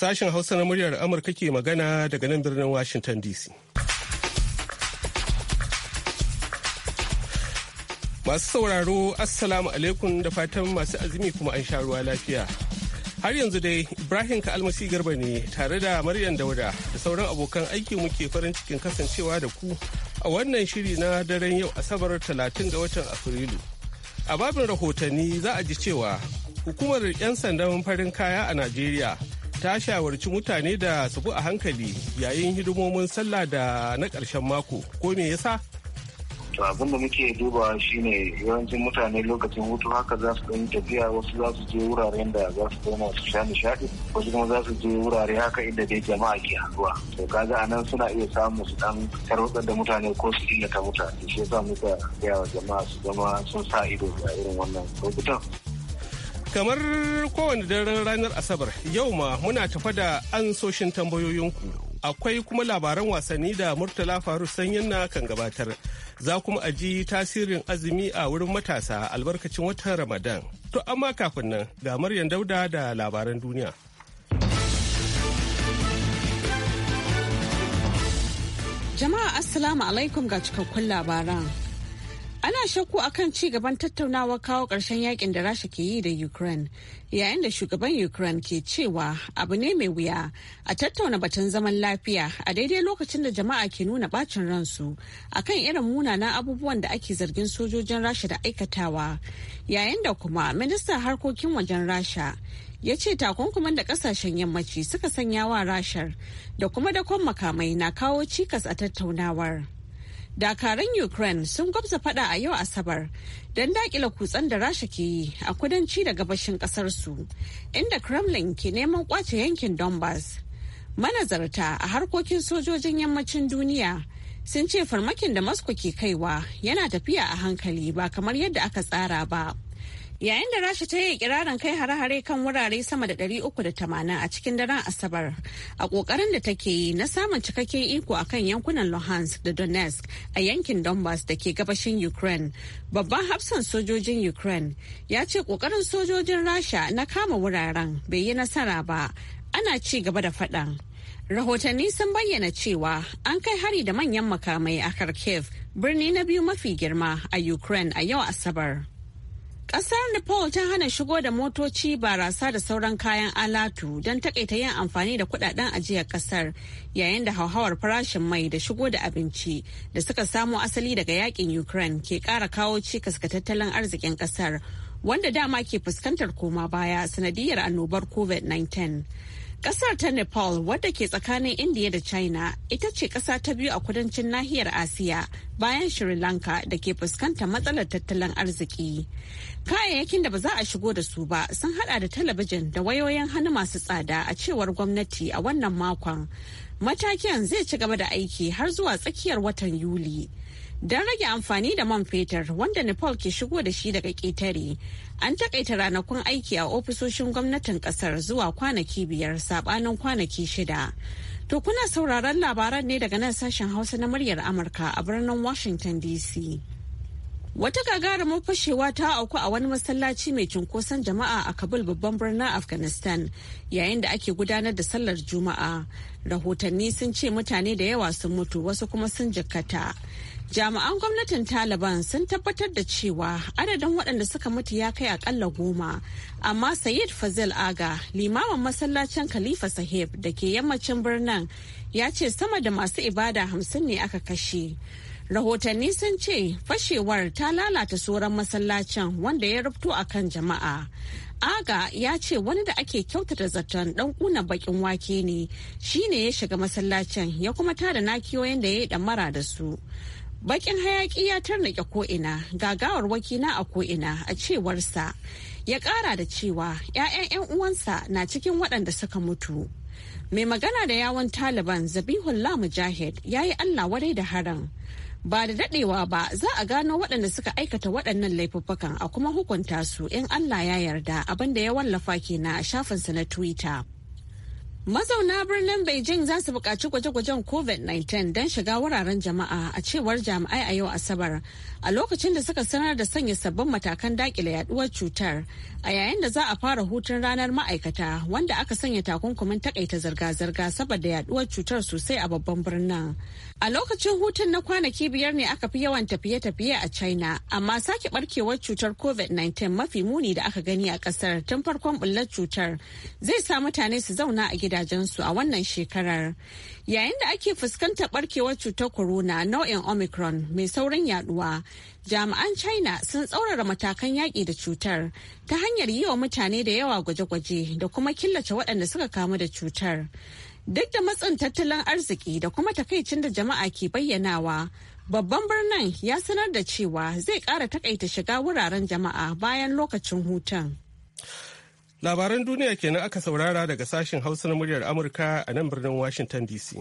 Sashen Hausa na muryar Amurka ke magana daga nan birnin Washington DC. Masu sauraro, Assalamu alaikum da fatan masu azumi kuma an sha ruwa lafiya. Har yanzu dai Ibrahim ka Almasi Garba ne tare da Maryam Dauda da sauran abokan aiki muke farin cikin kasancewa da ku a wannan shiri na daren yau Asabar 30 ga watan Afrilu. A babin rahotanni za a ji cewa hukumar 'yan sandan farin kaya a Najeriya ta shawarci mutane da su bi a hankali yayin hidimomin sallah da na ƙarshen mako ko me yasa to abin da muke dubawa shine yawancin mutane lokacin hutu haka za su ɗan tafiya wasu za su je wuraren da za su koma su sha nishaɗi wasu kuma za su je wurare haka inda dai jama'a ke haɗuwa to kaga a nan suna iya samu su ɗan tarwatsar da mutane ko su illata mutane shi yasa muka gaya wa jama'a su zama sun sa ido a irin wannan lokutan Kamar kowane daren ranar Asabar, yau ma muna tafa da ansoshin tambayoyinku. Akwai kuma labaran wasanni da Murtala Faru Sanyin na kan gabatar. Za kuma a ji tasirin azumi a wurin matasa albarkacin watan Ramadan. To amma kafin nan ga maryan Dauda da labaran duniya. Jama'a Assalamu alaikum ga cikakkun labaran. ana shakku akan ci gaban tattaunawa kawo ƙarshen yakin da rasha ke yi da ukraine yayin da shugaban ukraine ke cewa abu ne mai wuya a tattauna batun zaman lafiya a daidai lokacin da jama'a ke nuna bacin ransu akan irin munanan abubuwan da ake zargin sojojin rasha da aikatawa yayin da kuma ministan harkokin wajen rasha ya ce takunkuman da kasashen yammaci suka sanya wa rashar da kuma dakon makamai na kawo cikas a tattaunawar. Dakaran Ukraine sun gwabza fada a yau Asabar don dakila kutsen da Rasha ke yi a kudanci da gabashin kasarsu, inda Kremlin ke neman kwace yankin Donbass. Manazarta a harkokin sojojin yammacin duniya sun ce farmakin da Moscow ke kaiwa yana tafiya a hankali ba kamar yadda aka tsara ba. Yayin da Rasha ta yi kirarin kai hare-hare kan wurare sama da 380 a cikin daren Asabar a kokarin da take yi na samun cikakken iko a kan yankunan Luhansk da Donetsk a yankin Donbass da ke gabashin Ukraine. Babban hafsan sojojin Ukraine ya ce kokarin sojojin Rasha na kama wuraren bai yi nasara ba. Ana ci gaba da faɗan. Rahotanni sun bayyana cewa an kai hari da manyan makamai a Kharkiv, birni na biyu mafi girma a Ukraine a yau Asabar. Ƙasar Nepal ta hana shigo da motoci barasa da sauran kayan alatu don takaita yin amfani da kudaden ajiyar ƙasar yayin da hauhawar farashin mai da shigo da abinci da suka samo asali daga yakin Ukraine ke ƙara kawo cikas ga tattalin arzikin ƙasar wanda dama ke fuskantar koma baya sanadiyar annobar COVID-19. Kasar ta Nepal wadda ke tsakanin india da China ita ce ƙasa ta biyu a kudancin nahiyar Asiya bayan Sri Lanka da ke fuskantar matsalar tattalin arziki. Kayayyakin da ba za a shigo da su ba sun hada da talabijin da wayoyin hannu masu tsada a cewar gwamnati a wannan makon. Matakin zai ci gaba da aiki har zuwa tsakiyar watan Yuli. Don rage amfani da man fetur wanda Nepal ke shigo da shi daga ƙetare, an taƙaita ranakun aiki a ofisoshin gwamnatin ƙasar zuwa kwanaki biyar saɓanin kwanaki shida. To kuna sauraron labaran ne daga nan sashen Hausa na muryar Amurka a birnin Washington DC. Wata gagarumin fashewa ta auku a wani masallaci mai cunkoson jama'a a Kabul babban birnin Afghanistan yayin da ake gudanar da sallar Juma'a. Rahotanni sun ce mutane da yawa sun mutu wasu kuma sun jikkata. Jami'an gwamnatin Taliban sun tabbatar da cewa adadin waɗanda suka mutu ya kai akalla goma, amma Sayid Fazil Aga, limamin masallacin Khalifa Sahib da ke yammacin birnin, ya ce sama da masu ibada hamsin ne aka kashe. Rahotanni sun ce fashewar ta lalata sauran masallacin wanda ya rubto a kan jama'a. Aga ya ce wani da ake kyautata zaton ɗan kuna bakin wake ne, shine ya shiga masallacin ya kuma tada nakiyoyin da ya yi ɗamara da su. Bakin hayaki ya tarnake ko'ina, gagawar wakina a ko'ina a cewarsa. Ya ƙara da cewa 'ya'yan 'yan uwansa na cikin waɗanda suka mutu. Mai magana da yawon Taliban Zabihullah Mujahid ya yi Allah warai da haran. Ba da daɗewa ba za a gano waɗanda suka aikata waɗannan laifuffukan a kuma hukunta su in Allah ya yarda abinda ya wallafa kenan a shafinsa na Twitter. Mazauna birnin Beijing za su buƙaci gwaje-gwajen COVID-19 don shiga wuraren jama'a a cewar jami'ai a yau Asabar a lokacin da suka sanar da sanya sabbin matakan dakile yaduwar cutar a yayin da za a fara hutun ranar ma'aikata wanda aka sanya takunkumin takaita zirga-zirga saboda yaduwar cutar sosai a babban birnin. A lokacin hutun na kwanaki biyar ne aka fi yawan tafiye-tafiye a China amma sake barkewar cutar COVID-19 mafi muni da aka gani a ƙasar tun farkon bullar cutar zai sa mutane su zauna a gida gidajensu a wannan shekarar. Yayin da ake fuskantar barkewar cutar corona nau'in Omicron mai sauran yaduwa, jami'an China sun tsaurara matakan yaƙi da cutar ta hanyar yi wa mutane da yawa gwaje-gwaje da kuma killace waɗanda suka kamu da cutar. Duk da matsin tattalin arziki da kuma takaicin da jama'a ke bayyanawa, babban birnin ya sanar da cewa zai ƙara takaita shiga wuraren jama'a bayan lokacin hutun. Labaran duniya kenan aka saurara daga sashen Hausa na muryar Amurka a nan birnin Washington DC.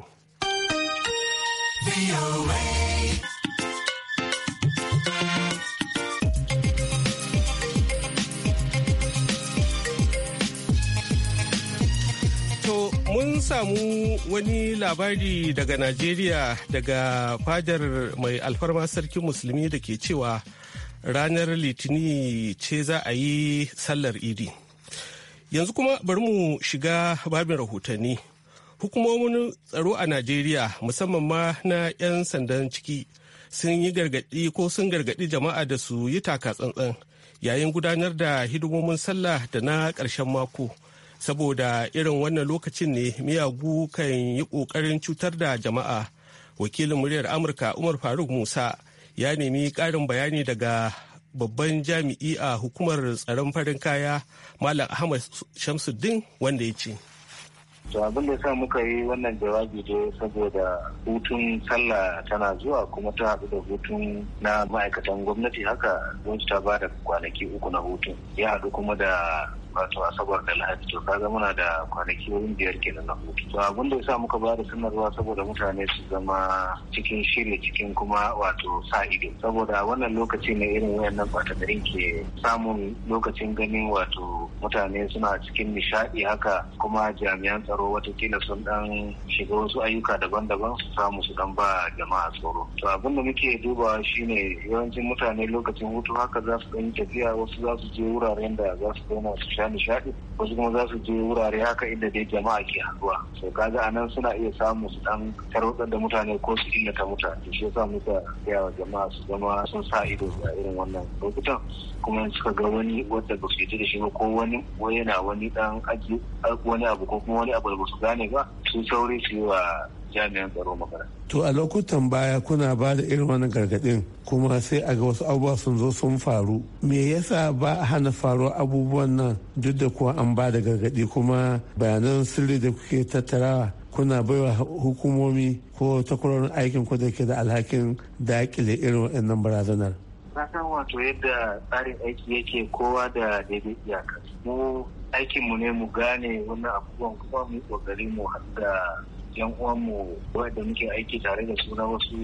To mun samu wani labari daga najeriya daga fadar mai alfarma sarkin musulmi da ke cewa ranar litini ce za a yi sallar idi yanzu kuma bari mu shiga babin rahotanni hukumomin tsaro a najeriya musamman ma na 'yan sandan ciki sun yi gargaɗi ko sun gargaɗi jama'a da su yi taka tsantsan yayin gudanar da hidimomin sallah da na ƙarshen mako saboda irin wannan lokacin ne miyagu kan yi ƙoƙarin cutar da jama'a wakilin muryar amurka umar faruk musa ya nemi ƙarin bayani daga babban jami'i a hukumar tsaron farin kaya malam ahmad shamsuddin wanda ya ce to abin da sa muka yi wannan jawabi dai saboda hutun sallah tana zuwa kuma ta haɗu da hutun na ma'aikatan gwamnati haka gwamnati ta ba da kwanaki uku na hutun ya haɗu kuma da wato asabar da lahadi to kaga muna da kwanaki wurin biyar kenan na hutu to abin da yasa muka ba da sanarwa saboda mutane su zama cikin shiri cikin kuma wato sa ido saboda wannan lokaci ne irin wayannan kwatamarin ke samun lokacin ganin wato mutane suna cikin nishadi haka kuma jami'an tsaro watakila sun dan shiga wasu ayyuka daban-daban su samu su dan ba jama'a tsoro to abin da muke dubawa shine yawancin mutane lokacin hutu haka za su dan tafiya wasu za su je wuraren da za su zauna su sha nishaɗi wasu kuma za su je wurare haka inda dai jama'a ke haɗuwa so kaga anan suna iya samu su dan tarwatsar da mutane ko su illata mutane shi yasa muka gaya wa jama'a su zama sun sa ido a irin wannan lokutan kuma suka ga wani wanda ba su yi da shi ba ko wani yana wani dan aji wani abu ko kuma wani abu da ba su gane ba su sauri su yi wa jami'an tsaro makaranta. To a lokutan baya kuna ba da irin wannan gargaɗin kuma sai a ga wasu abubuwa sun zo sun faru. Me yasa ba a hana faru abubuwan nan duk da kuwa an ba da gargaɗi kuma bayanan sirri da kuke tattarawa kuna baiwa hukumomi ko takwarorin aikin ku da ke da alhakin dakile irin wannan barazanar. Na san wato yadda tsarin aiki yake kowa da daidai iyaka. Mu aikinmu ne mu gane wannan abubuwan kuma mu yi ƙoƙari mu yan uwanmu wadda muke aiki tare da su na wasu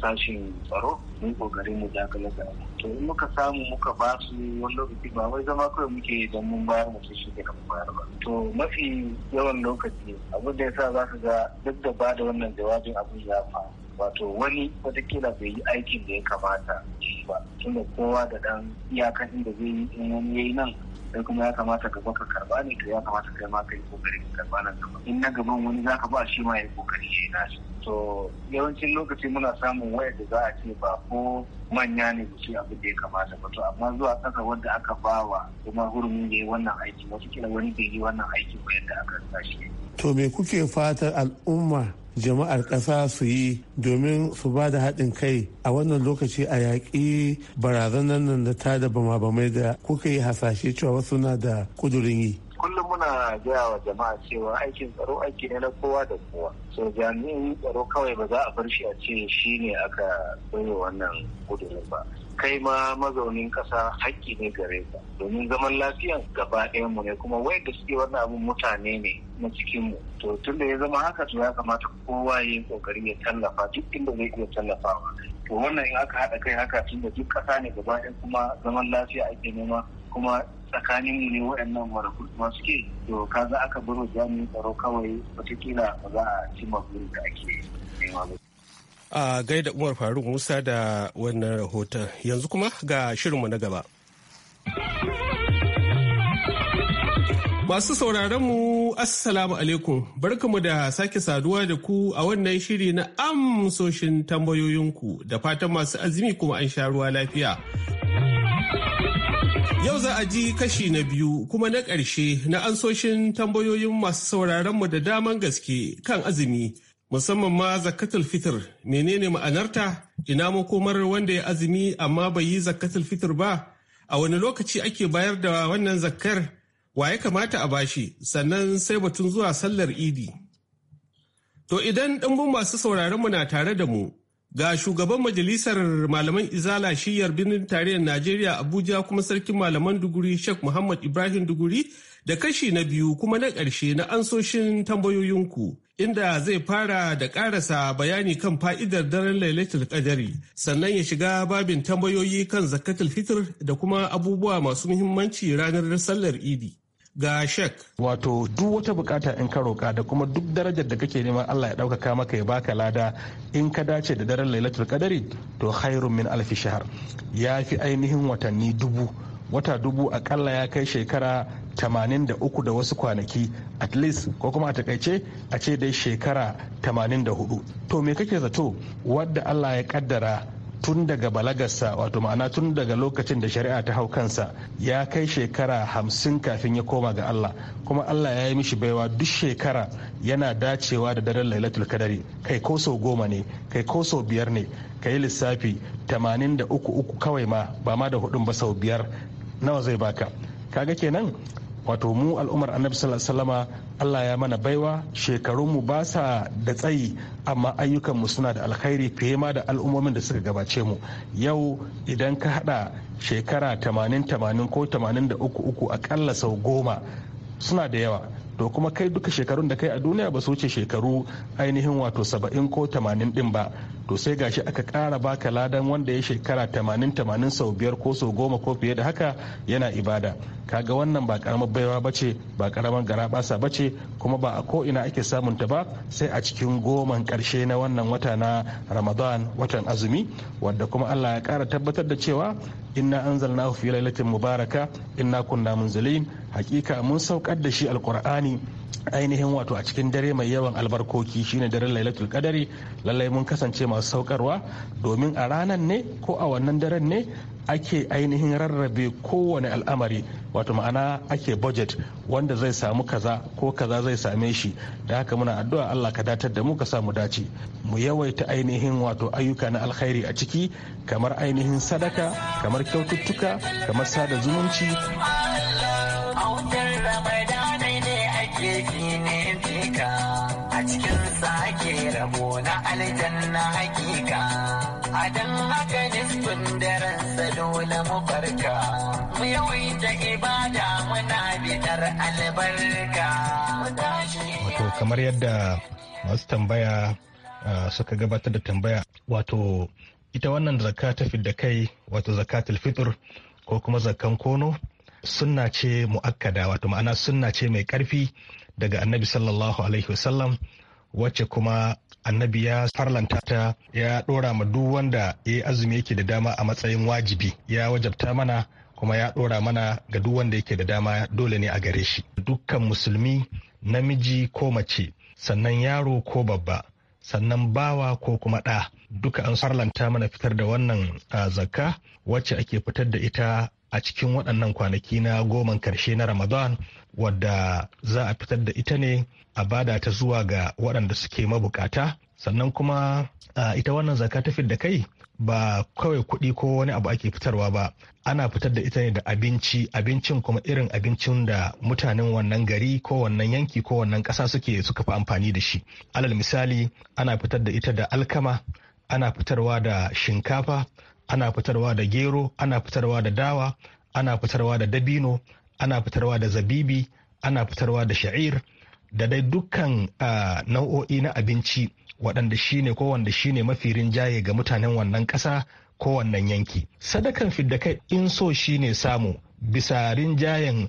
sashen tsaro mun kokarin mu dakala da to in muka samu muka ba su wani lokaci ba wai zama kawai muke don mun bayar mu su da kan bayar ba to mafi yawan lokaci abin da yasa za su ga duk da ba da wannan jawabin abin ya faru wato wani watakila bai yi aikin da ya kamata ba tunda kowa da dan iyakan inda zai yi in wani ya yi nan sai kuma ya kamata gaba ka karba ne to ya kamata kai ma ka yi kokari ka karba nan gaba in na gaban wani zaka ba shi ma ya kokari ya yi nasu. to yawancin lokaci muna samun wayar da za a ce ba ko manya ne shi abin da ya kamata ba to amma zuwa kasa wanda aka ba wa kuma hurumin ne wannan aiki wasu kila wani bai yi wannan aiki ba yadda aka sa shi to me kuke fatar al'umma jama'ar ƙasa su yi domin su ba da haɗin kai a wannan lokaci a yaƙi barazanar nan da ta da bama-bamai da kuka yi hasashe cewa wasu na da kudurin yi. kullum muna gaya wa jama'a cewa aikin tsaro aiki ne na kowa da kowa so jami'in tsaro kawai ba za a bar shi a ce shi ne aka bai wannan kudurin ba kai ma mazaunin kasa haƙƙi ne gare ka domin zaman lafiyan gaba ɗaya mu ne kuma da suke wannan abun mutane ne na cikin to tun da ya zama haka to ya kamata kowa ya yi kokari ya tallafa duk inda zai iya tallafawa to wannan in aka haɗa kai haka tun da duk ƙasa ne gaba ɗaya kuma zaman lafiya ake nema kuma tsakanin mu ne waɗannan waraku kuma suke to kaza aka baro jami'in tsaro kawai wataƙila ba za a cimma burin da ake nema ba a gaida umar faruk musa da wannan rahoton yanzu kuma ga shirinmu na gaba masu sauraronmu mu assalamu alaikum barkamu da sake saduwa da ku a wannan shiri na amsoshin tambayoyinku da fatan masu azumi kuma an sha ruwa lafiya Yau za a ji kashi na biyu kuma na ƙarshe na ansoshin tambayoyin masu sauraronmu da daman gaske kan azumi musamman ma zakatul fitr menene ma'anarta ina makomar wanda ya azumi amma bai yi zakatul fitr ba a wani lokaci ake bayar da wannan zakkar wa ya kamata a bashi sannan sai batun zuwa sallar idi to idan ɗanbun masu mu na tare da mu ga shugaban majalisar malaman izala shiyar birnin tarayyar najeriya abuja kuma sarkin malaman duguri sheikh muhammad ibrahim duguri da kashi na biyu kuma na ƙarshe na ansoshin tambayoyinku inda zai fara da karasa bayani kan fa'idar daren lailatul kadari sannan ya shiga babin tambayoyi kan zakatul fitr da kuma abubuwa masu muhimmanci ranar sallar idi ga shek wato duk wata bukata in ka roka da kuma duk darajar da kake neman Allah ya ɗaukaka maka ya baka lada in ka dace da daren lailatul kadari to khairun min alfi shahar ya fi ainihin watanni dubu wata dubu akalla ya kai shekara 83 da wasu kwanaki at least ko kuma a takaice a ce dai shekara 84 to me kake zato wadda allah ya kaddara tun daga balagarsa wato ma'ana tun daga lokacin da shari'a ta hau kansa ya kai shekara hamsin kafin ya koma ga Allah kuma Allah ya yi mishi baiwa duk shekara yana dacewa da daren lailatul kadari kai ko sau goma ne kai ko sau biyar ne ka lissafi 83 uku kawai ma ba ma da hudun ba sau biyar nawa zai baka kaga kenan wato mu al'ummar annabi sallallahu alaihi Allah ya mana baiwa shekarunmu ba sa da tsayi amma ayyukanmu suna da alkhairi fiye ma da al'ummomin da suka gabace mu yau idan ka hada shekara 80 80 ko 83 akalla sau goma suna da yawa to kuma kai duka shekarun da kai a duniya ba su wuce shekaru ainihin wato saba'in ko tamanin din ba to sai gashi aka kara baka ladan wanda ya shekara tamanin tamanin sau biyar ko sau goma ko fiye da haka yana ibada kaga wannan ba karamar baiwa ba ce ba karamar garabasa ba ce kuma ba a ko'ina ake samun ta ba sai a cikin goman karshe na wannan wata na ramadan watan azumi wadda kuma allah ya kara tabbatar da cewa inna anzalnahu fi lailatin mubaraka inna kunna munzalin hakika mun saukar da shi alqur'ani ainihin wato a cikin dare mai yawan albarkoki shine daren lailatul kadari lallai mun kasance masu saukarwa domin a ranan ne ko a wannan daren ne ake ainihin rarrabe kowane al'amari wato ma'ana ake budget wanda zai samu kaza ko kaza zai same shi da haka muna addu'a Allah ka datar da mu ka samu dace mu yawaita ainihin wato ayyuka na alkhairi a ciki kamar ainihin sadaka kamar kyaututtuka kamar sada zumunci cikin sake rabo na aljanna hakika don haka nisbin daren dole mu farka mu yawaita ibada muna bidar albarka wato kamar yadda masu tambaya suka gabatar da tambaya wato ita wannan zakka ta da kai wato zakatul fitr ko kuma zakkan kono sunna ce mu'akkada wato ma'ana sunna ce mai karfi daga annabi sallallahu alaihi wasallam wacce kuma annabi ya farlanta ta ya ɗora ma duk wanda ya azumi yake da dama a matsayin wajibi ya wajabta mana kuma ya dora mana ga duk wanda yake da dama dole ne a gare shi dukkan musulmi namiji ko mace sannan yaro ko babba sannan bawa ko kuma ɗa duka an farlanta mana fitar da wannan ah, zakka wacce ake fitar da ita a cikin waɗannan kwanaki na goman karshe na Ramadan wadda za a fitar da ita ne a bada ta zuwa ga waɗanda suke mabukata sannan kuma ita wannan zaka ta da kai ba kawai kuɗi ko wani abu ake fitarwa ba ana fitar da ita ne da abinci abincin kuma irin abincin da mutanen wannan gari ko wannan yanki ko wannan ƙasa suke suka fi amfani da shi alal misali ana fitar da ita da alkama ana fitarwa da shinkafa ana fitarwa da gero ana fitarwa da dawa ana fitarwa da dabino ana fitarwa da zabibi ana fitarwa da sha'ir da dai dukkan nau'o'i na abinci waɗanda shine ko wanda shine mafi rinjaye ga mutanen wannan ƙasa ko wannan yanki sadakan fidda kai in so shi ne samu bisa rinjayen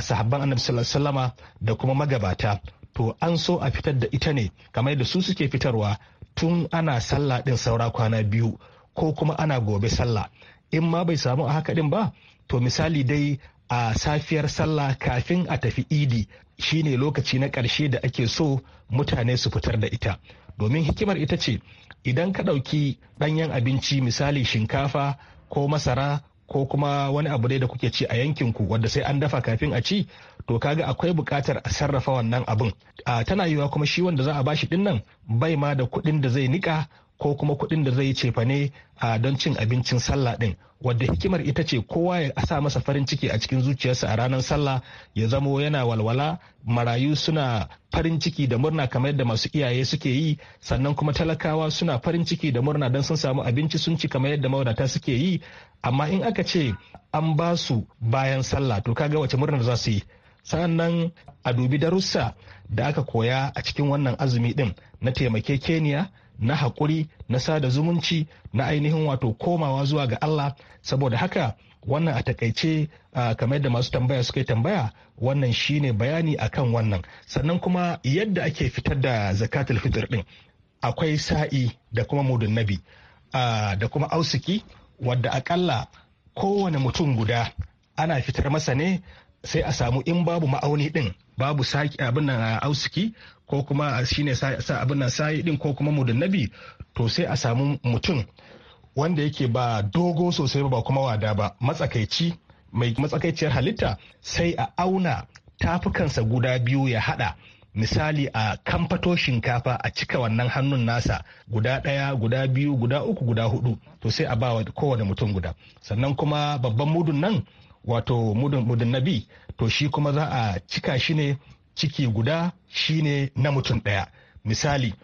sahabban annabi sallallahu da kuma magabata to an so a fitar da ita ne kamar da su suke fitarwa tun ana sallah din saura kwana biyu ko kuma ana gobe sallah in ma bai samu a haka din ba to misali dai a safiyar sallah kafin a tafi idi shine lokaci na ƙarshe da ake so mutane su fitar da ita domin hikimar ita ce idan ka ɗauki ɗanyen abinci misali shinkafa ko masara ko kuma wani abu dai da kuke ci a yankinku wadda sai an dafa kafin a ci to kaga akwai buƙatar a sarrafa wannan abin a tana yiwuwa kuma shi wanda za a bashi din nan bai ma da kuɗin da zai niƙa. ko kuma kuɗin da zai cefane a don cin abincin sallah ɗin wadda hikimar ita ce kowa ya sa masa farin ciki a cikin zuciyarsa a ranar sallah ya zamo yana walwala marayu suna farin ciki da murna kamar yadda masu iyaye suke yi sannan kuma talakawa suna farin ciki da murna don sun samu abinci sun ci kamar yadda mawadata suke yi amma in aka ce an ba su bayan sallah to kaga wace murnar za su yi sannan a dubi darussa da aka koya a cikin wannan azumi din na taimake keniya. na haƙuri na sada zumunci na ainihin wato komawa zuwa ga Allah saboda haka wannan a takaice kamar yadda masu tambaya suka yi tambaya wannan shine bayani akan wannan sannan kuma yadda ake fitar da zakatul fitr din akwai sa'i da kuma mudun nabi da kuma ausiki wadda akalla kowane mutum guda ana fitar masa ne sai a samu in babu ma'auni din babu saki abin nan a ausiki ko kuma shine sa abin nan sayi din ko kuma mudun nabi to sai a samu mutum wanda yake ba dogo sosai ba kuma wada ba matsakaici mai matsakaiciyar halitta sai a auna tafukansa guda biyu ya hada misali a kamfato shinkafa a cika wannan hannun nasa guda ɗaya guda biyu guda uku guda hudu to sai a ba kowane mutum guda sannan kuma babban mudun nan wato mudun nabi to shi kuma za a cika shi ne ciki guda shi ne na mutum ɗaya misali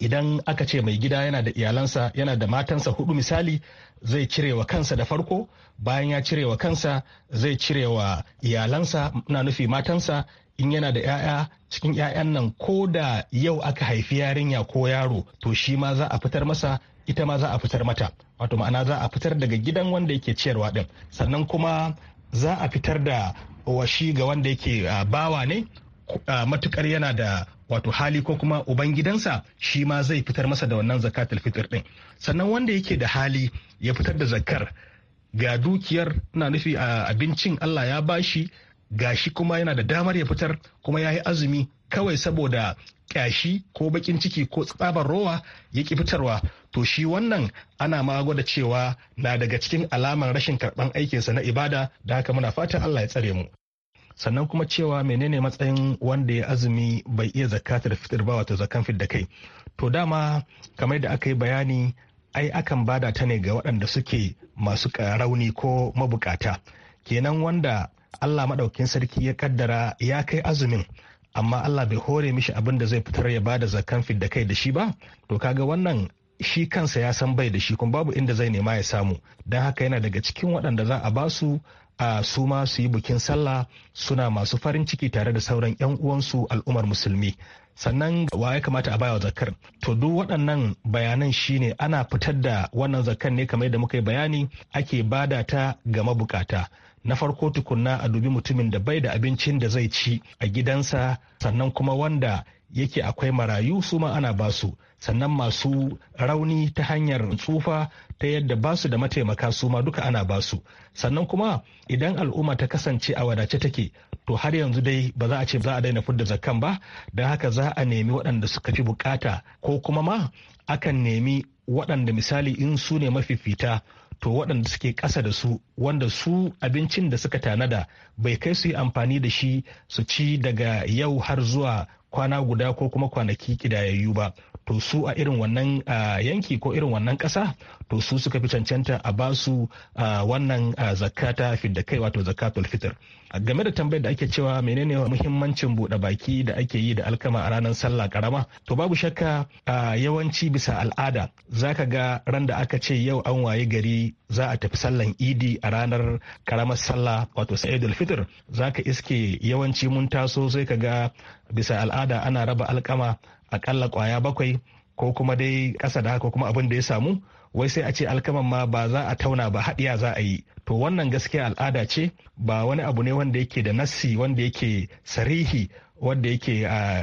idan aka ce mai gida yana da iyalansa yana da matansa hudu misali zai cire wa kansa da farko bayan ya cire wa kansa zai cire wa iyalansa na nufi matansa in yana da 'ya'ya cikin 'ya'yan nan ko da yau aka haifi yarinya ko yaro to shi ma za a fitar masa ita ma za a fitar mata wato ma'ana za a fitar daga gidan wanda yake ciyarwa din sannan kuma za a fitar da washi ga wanda yake bawa ne matukar yana da wato hali ko kuma ubangidansa shi ma zai fitar masa da wannan zakatul fitr din sannan wanda yake da hali ya fitar da zakar ga dukiyar na nufi a abincin Allah ya bashi ga shi kuma yana da damar ya fitar kuma ya yi azumi kawai saboda ƙyashi ko baƙin ciki ko tsabar rowa ya ki fitarwa to shi wannan ana ma gwada cewa na daga cikin alamar rashin karban aikinsa na ibada da haka muna fatan Allah ya tsare mu sannan kuma cewa menene matsayin wanda ya azumi bai iya zakatar fitar ba wato zakan fit da kai to dama kamar da aka yi bayani ai akan bada ta ne ga waɗanda suke masu rauni ko mabukata kenan wanda Allah maɗaukin sarki ya kaddara ya kai azumin amma Allah bai hore mishi abin da zai fitar ya bada zakan fit da kai da shi ba to kaga wannan shi kansa ya san bai da shi kuma babu inda zai nema ya samu don haka yana daga cikin waɗanda za a ba su a suma ma su yi bikin sallah suna masu farin ciki tare da sauran 'yan uwansu al'ummar musulmi sannan wa ya kamata a bawa zakar to duk waɗannan bayanan shine ana fitar da wannan zakar ne kamar da muka yi bayani ake bada ta ga mabukata na farko tukunna a dubi mutumin da bai da abincin da zai ci a gidansa sannan kuma wanda yake akwai marayu su ma ana basu sannan masu rauni ta hanyar tsufa ta yadda basu da mataimaka su ma duka ana basu sannan kuma idan al'umma ta kasance a wadace take to har yanzu dai ba za a ce za a daina fudda zakkan ba don haka za a nemi waɗanda suka fi bukata ko kuma ma akan nemi waɗanda misali in su ne mafifita to waɗanda suke ƙasa da su wanda su abincin da suka tanada bai kai su yi amfani da shi su ci daga yau har zuwa kwana guda ko kuma kwanaki kidayayyu ba to su a irin wannan yanki ko irin wannan ƙasa to su suka fi cancanta a ba basu wannan zakata fidda kai wato zakatul fitr game da tambayar da ake cewa menene muhimmancin buɗe baki da ake yi da alkama a ranar sallah karama to babu shakka yawanci bisa al'ada zaka ga ran da aka ce yau an waye gari za a tafi sallan idi a ranar karamar sallah wato sa'idul fitr zaka iske yawanci mun taso sai ka ga bisa al'ada ana raba alkama akalla kwaya bakwai ko kuma dai ƙasa da haka kuma abin da ya samu wai sai a ce alkaman ma ba za a tauna ba haɗiya za a yi to wannan gaskiya al'ada ce ba wani abu ne wanda yake da nassi wanda yake sarihi wanda yake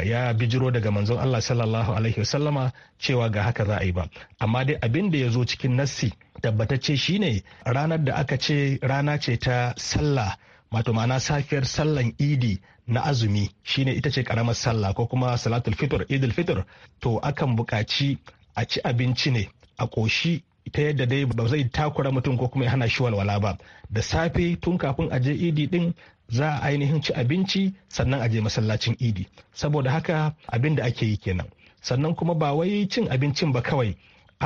ya bijiro daga manzon Allah sallallahu alaihi wasallama cewa ga haka za a yi ba amma dai abin da ya zo cikin nassi tabbatacce shine ranar da aka ce rana ce ta sallah wato ma'ana safiyar sallan idi na azumi shine ita ce karamar sallah ko kuma salatul fitr idil fitr to akan buƙaci a ci abinci ne a ƙoshi ta yadda dai ba zai takura mutum ko kuma ya hana shi walwala ba da safe tun kafin a je idi din za a ainihin ci abinci sannan a je masallacin idi saboda haka abin da ake yi kenan sannan kuma ba wai cin abincin ba kawai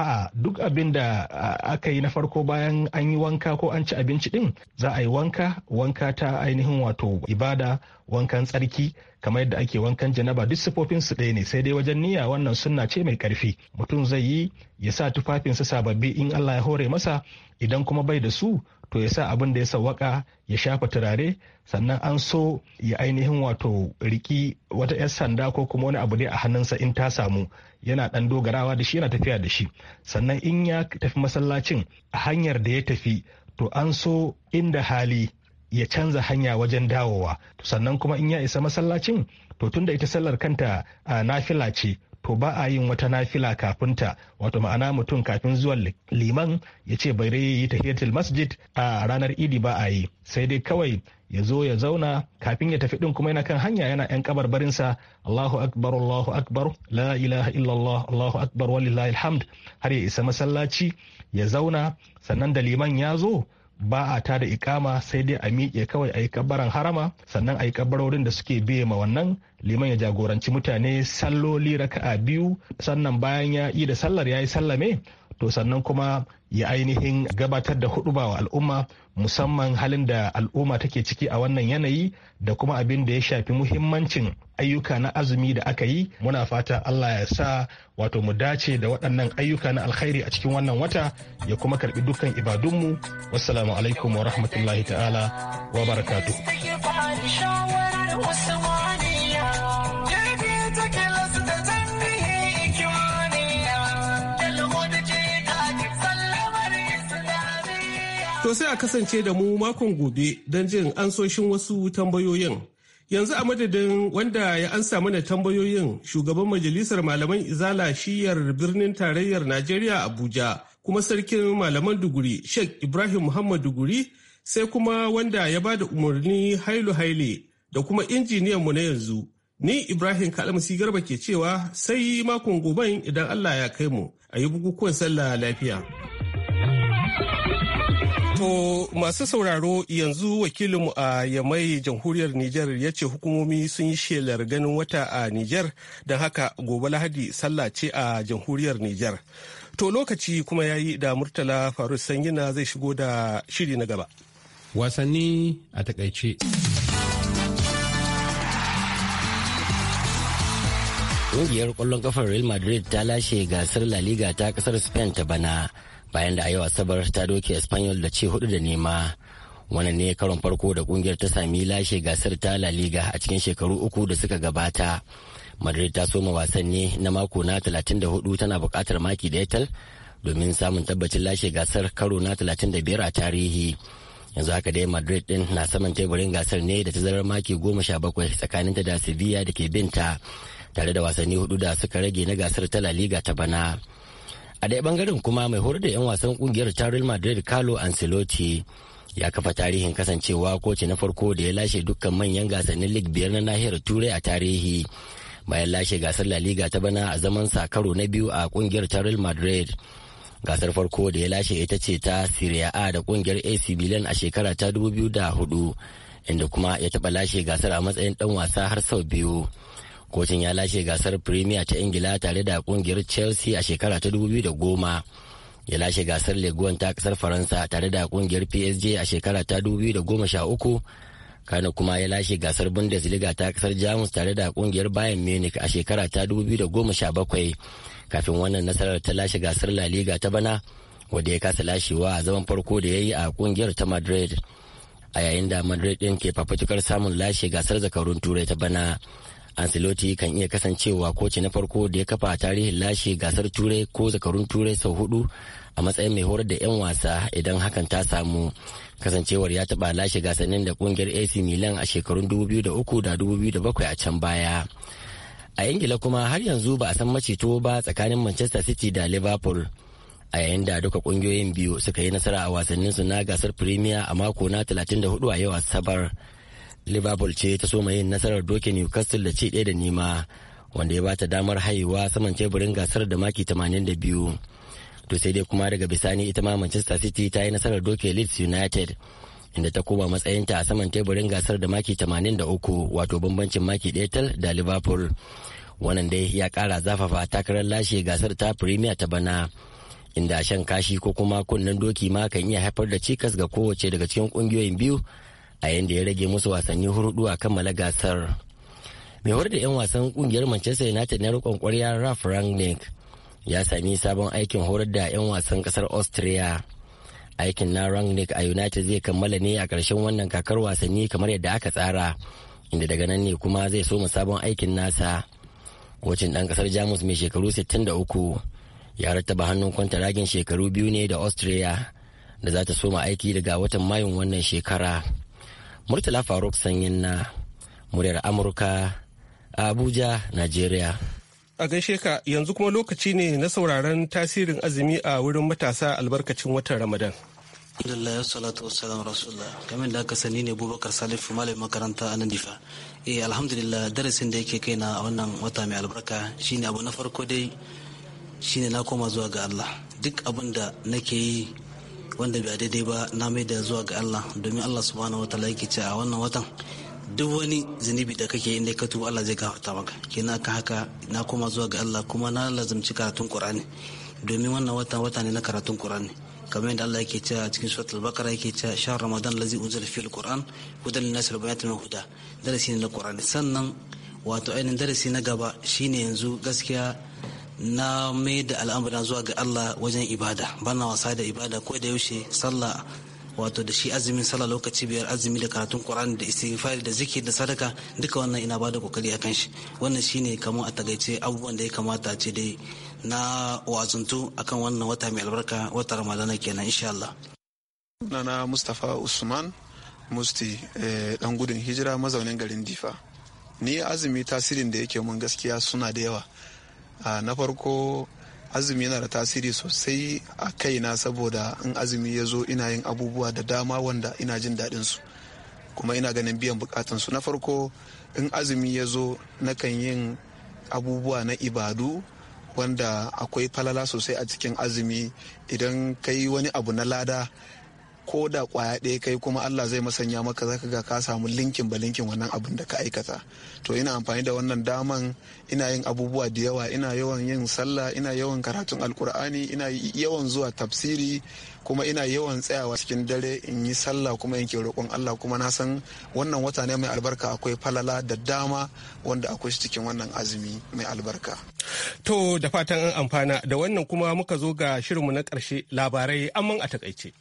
a'a duk abin da aka yi na farko bayan an yi wanka ko an ci abinci din za a yi wanka wanka ta ainihin wato ibada wankan tsarki kamar yadda ake wankan janaba duk sifofin su ɗaya ne sai dai wajen niyya wannan sunna ce mai ƙarfi mutum zai yi ya sa tufafinsa sababbi in Allah ya hore masa idan kuma bai da su to ya sa abin da ya sawaka ya shafa turare sannan an so ya ainihin wato riki wata 'yar sanda ko kuma wani abu ne a hannunsa in ta samu yana ɗan dogarawa da shi yana tafiya da shi sannan in ya tafi masallacin a hanyar da ya tafi to an so inda hali ya canza hanya wajen dawowa sannan kuma in ya isa masallacin to tunda ita sallar kanta a nafila ce to ba a yin wata nafila kafin ta wato ma'ana mutum kafin zuwan liman ya ce bai yi tahiyatul masjid a ranar idi ba a yi sai dai kawai ya zo ya zauna kafin ya tafi din kuma yana kan hanya yana yan barinsa. Allahu akbar Allahu akbar la ilaha illallah Allahu akbar walillahi alhamd har ya isa masallaci ya zauna sannan da liman ya zo ba a ta da ikama sai dai a miƙe kawai a yi kabaran harama sannan a yi kabarorin da suke biye ma wannan liman ya jagoranci mutane salloli raka'a biyu sannan bayan ya yi da sallar ya yi sallame to sannan kuma ya ainihin gabatar da huduba wa al'umma musamman halin da al'umma take ciki a wannan yanayi da kuma abin da ya shafi muhimmancin ayyuka na azumi da aka yi muna fata allah ya sa wato mu dace da waɗannan ayyuka na alkhairi a cikin wannan wata ya kuma karbi dukkan ibadunmu wassalamu alaikum wa rahmatullahi ta'ala wa barakatuh sai a kasance da mu makon gobe don jin ansoshin wasu tambayoyin. Yanzu a madadin wanda ya ansa mana tambayoyin shugaban majalisar malaman izala shiyar birnin tarayyar Najeriya Abuja kuma sarkin malaman duguri Sheikh Ibrahim Muhammad duguri sai kuma wanda ya ba da umarni hailu haile da kuma injiniyan mu na yanzu. Ni Ibrahim Kalmasi Garba ke cewa sai makon goben idan Allah ya kai mu a yi bukukuwan sallah lafiya. To masu sauraro yanzu wakilinmu a Yamai jamhuriyar Nijar ya ce hukumomi sun yi shelar ganin wata a Nijar don haka gobe Lahadi sallah ce a jamhuriyar Nijar. To lokaci kuma ya yi da Murtala Faru Sangina zai shigo da shiri na gaba. Wasanni a takaice. Ƙungiyar ƙwallon ƙafar Real Madrid ta lashe gasar La Liga ta ƙasar Spain ta bana. bayan da a yau asabar ta doke espanyol da ce hudu da nema wannan ne karon farko da kungiyar ta sami lashe gasar ta la liga a cikin shekaru uku da suka gabata madrid ta soma wasanni na mako na 34 tana bukatar maki da yatal domin samun tabbacin lashe gasar karo na 35 a tarihi yanzu haka dai madrid din na saman teburin gasar ne da tazarar maki 17 tsakaninta da sevilla da ke binta tare da wasanni hudu da suka rage na gasar ta la liga ta bana a daya bangaren kuma mai horar da 'yan wasan kungiyar ta real madrid carlo ancelotti ya kafa tarihin kasancewa koci na farko da ya lashe dukkan manyan gasannin lig biyar na nahiyar turai a tarihi bayan lashe gasar la liga ta bana a zaman sa karo na biyu a kungiyar ta real madrid gasar farko da ya lashe ita ce ta syria a da kungiyar ac milan a shekara ta 2004 inda kuma ya taba lashe gasar a matsayin ɗan wasa har sau biyu kocin ya lashe gasar premier ta ingila tare da kungiyar chelsea a shekara ta 2010 ya lashe gasar leguan ta kasar faransa tare da kungiyar psg a shekara ta 2013 kano kuma ya lashe gasar bundesliga ta kasar jamus tare da kungiyar bayan munich a shekara ta 2017 kafin wannan nasarar ta lashe gasar la liga ta bana wadda ya kasa lashewa a zaman farko da ya yi a kungiyar ta madrid a yayin da madrid din ke fafutukar samun lashe gasar zakarun turai ta bana Ancelotti kan iya kasancewa koci na farko da ya kafa tarihin lashe gasar turai ko zakarun turai sau hudu a matsayin mai horar da 'yan wasa idan hakan ta samu kasancewar ya taba lashe gasannin da kungiyar AC Milan a shekarun 2003 da 2007 a can baya. A Ingila kuma har yanzu ba a san maceto ba tsakanin Manchester City da Liverpool. a yayin da duka kungiyoyin biyu suka yi nasara a wasannin su na gasar premier a mako na 34 a yau asabar liverpool ce ta soma yin nasarar doke newcastle da ci ɗaya da nema wanda ya ba ta damar haihuwa saman teburin gasar da maki 82 to sai dai kuma daga bisani ita ma manchester city ta yi nasarar doke leeds united inda ta koma matsayinta a saman teburin gasar da maki 83 wato bambancin maki ɗaya da liverpool wannan dai ya kara zafafa takarar lashe gasar ta premier ta bana inda shan kashi ko kuma kunnen doki ma kan iya haifar da cikas ga kowace daga cikin kungiyoyin biyu a yadda ya rage musu wasanni hurudu a kammala gasar mai horar da 'yan wasan kungiyar manchester united na rikon kwarya raf rangnick ya sami sabon aikin horar da 'yan wasan kasar austria aikin na rangnick a united zai kammala ne a karshen wannan kakar wasanni kamar yadda aka tsara inda daga nan ne kuma zai soma sabon aikin nasa wacin dan ƙasar jamus mai shekaru 63 ya rattaba hannun kwanta ragin shekaru biyu ne da austria da za ta soma aiki daga watan mayun wannan shekara. Murtala Faruk Sanyin na muryar Amurka Abuja, Najeriya. A gaishe ka yanzu kuma lokaci ne na sauraron tasirin azumi a wurin matasa albarkacin watan Ramadan. Alhamdulillah salatu wassalam rasulullah kamar da aka sani ne Abubakar Salifu malamin makaranta a nan Eh alhamdulillah darasin da yake kaina a wannan wata mai albarka shine abu na farko dai shine na koma zuwa ga Allah. Duk abin da nake yi wanda bai daidai ba na mai da zuwa ga Allah domin Allah subhanahu wa ta'ala yake cewa a wannan watan duk wani zunubi da kake inda ka tuba Allah zai gafarta maka kina ka haka na koma zuwa ga Allah kuma na lazumci karatun Qur'ani domin wannan wata wata ne na karatun Qur'ani kamar yadda Allah yake cewa cikin suratul bakara yake cewa shahr ramadan lazi unzila fil qur'an hudan lin wal bayatin min huda darasi ne na Qur'ani sannan wato ainihin darasi na gaba shine yanzu gaskiya na mai da al'amura zuwa ga Allah wajen ibada bana wasa da ibada ko da yaushe sallah wato da shi azumin sallah lokaci biyar azumi da karatun Qur'an da istighfari da zikir da sadaka duka wannan ina bada kokari a kan shi wannan shine kamar a tagaice abubuwan da ya kamata ce dai na wazuntu akan wannan wata mai albarka wata ramadana kenan insha Allah na mustafa Usman Musti eh, dan gudun hijira mazaunin garin Difa ni azumi tasirin da yake mun gaskiya suna da yawa na farko azumi yana da tasiri sosai a kaina saboda in azumi ya zo ina yin abubuwa da dama wanda ina jin daɗin su kuma ina ganin biyan bukatun su na farko in azumi ya zo nakan yin abubuwa na ibadu wanda akwai falala sosai a cikin azumi idan ka wani abu na lada ko da kwaya ɗaya kai kuma Allah zai masanya maka zaka ga ka samu linkin ba linkin wannan abin da ka aikata to ina amfani da wannan daman ina yin abubuwa da yawa ina yawan yin sallah ina yawan karatun alkur'ani ina yawan zuwa tafsiri kuma ina yawan tsayawa cikin dare in yi sallah kuma in ke roƙon Allah kuma na san wannan wata ne mai albarka akwai falala da dama wanda akwai shi cikin wannan azumi mai albarka. To da fatan an amfana da wannan kuma muka zo ga shirinmu na ƙarshe labarai amman a takaice.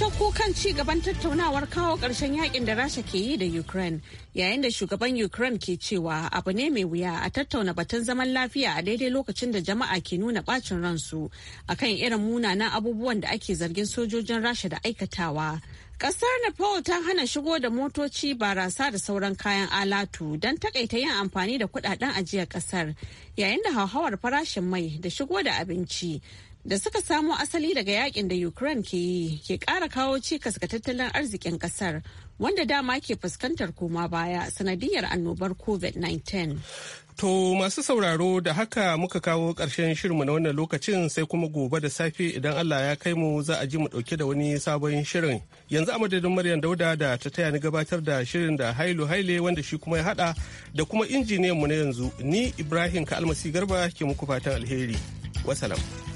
shakku kan ci gaban tattaunawar kawo ƙarshen yakin da rasha ke yi da ukraine yayin da shugaban ukraine ke cewa abu ne mai wuya a tattauna batun zaman lafiya a daidai lokacin da jama'a ke nuna bacin ransu a kan irin munanan abubuwan da ake zargin sojojin rasha da aikatawa kasar nepal ta hana shigo da motoci barasa da sauran kayan alatu don takaita yin amfani da kudaden ajiyar kasar yayin da hauhawar farashin mai da shigo da abinci da suka samo asali daga yakin da Ukraine ke yi ke kara kawo cikas ga tattalin arzikin kasar wanda dama ke fuskantar koma baya sanadiyar annobar COVID-19. To masu sauraro da haka muka kawo ƙarshen shirinmu na wannan lokacin sai kuma gobe da safe idan Allah ya kai mu za a ji mu ɗauke da wani sabon shirin. Yanzu a madadin Maryam Dauda da ta taya ni gabatar da shirin da Hailu Haile wanda shi kuma ya haɗa da kuma injiniyan mu na yanzu ni Ibrahim Ka'almasi Garba ke muku fatan alheri. Wasalam.